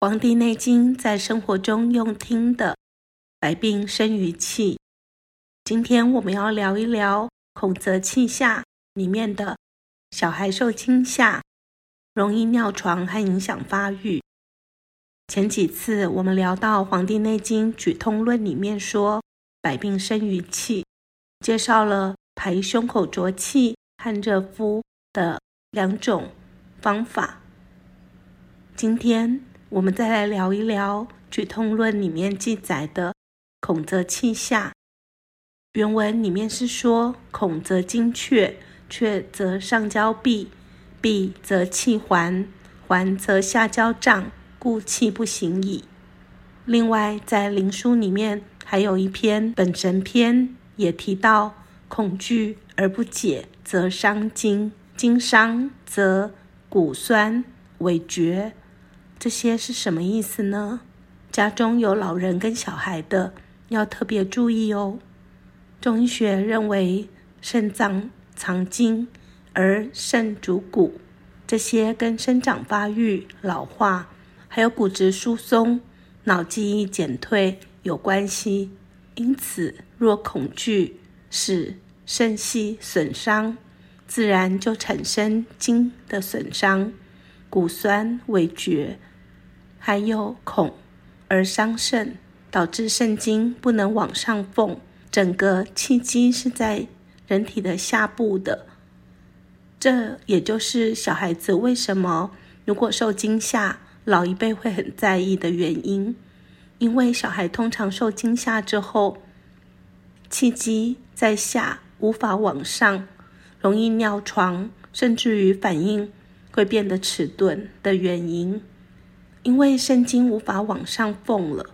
《黃帝內經》在生活中用聽的，百病生於氣。今天我們要聊一聊“恐則氣下”裡面的，小孩受驚嚇，容易尿床還影響發育。前幾次我們聊到《黃帝內經·舉痛論》裡面說“百病生於氣”，介紹了排胸口濁氣、和熱敷的兩種方法。今天。我們再來聊一聊《舉痛論》裡面記載的“恐則氣下”。原文裡面是說：“恐則精，卻卻則上焦閉，閉則氣還，還則下焦脹，故氣不行矣。”另外，在《靈樞》裡面還有一篇《本神篇》，也提到：“恐懼而不解，則傷精；精傷，則骨痠痿厥。”這些是什麼意思呢？家中有老人跟小孩的要特別注意哦。中醫學認為，腎臟藏精，而腎主骨，這些跟生長發育、老化，還有骨質疏鬆、腦記憶減退有關係。因此，若恐懼使腎系損傷，自然就產生精的損傷、骨痠痿厥。還有恐而傷腎，導致腎精不能往上奉，整個氣機是在人體的下部的。這也就是小孩子為什麼如果受驚嚇，老一輩會很在意的原因，因為小孩通常受驚嚇之後，氣機在下無法往上，容易尿床，甚至於反應會變得遲鈍的原因。因為腎精無法往上奉了，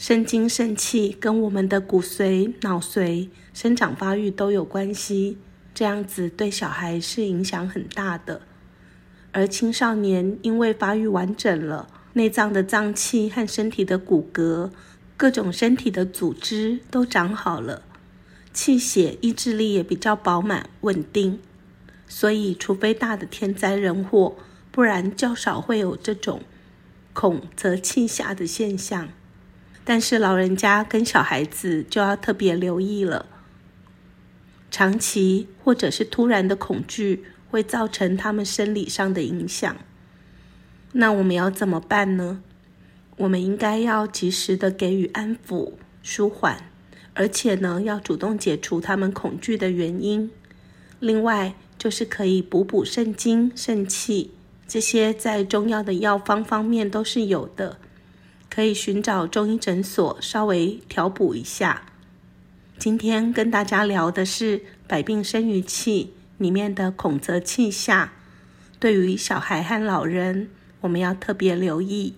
腎精腎氣跟我們的骨髓、腦髓生長發育都有關係，這樣子對小孩是影響很大的。而青少年因為發育完整了，內臟的臟器和身體的骨骼、各種身體的組織都長好了，氣血、意志力也比較飽滿穩定，所以除非大的天災人禍，不然較少會有這種恐則氣下的現象，但是，老人家跟小孩子就要特別留意了。長期或者是突然的恐懼會造成他們生理上的影響，那我們要怎麼辦呢？我們應該要及時的給予安撫、舒緩，而且呢要主動解除他們恐懼的原因。另外就是可以補補腎精、腎氣。這些在中藥的藥方方面都是有的，可以尋找中醫診所稍微調補一下。今天跟大家聊的是《百病生於氣》裡面的“恐則氣下”，對於小孩和老人，我們要特別留意。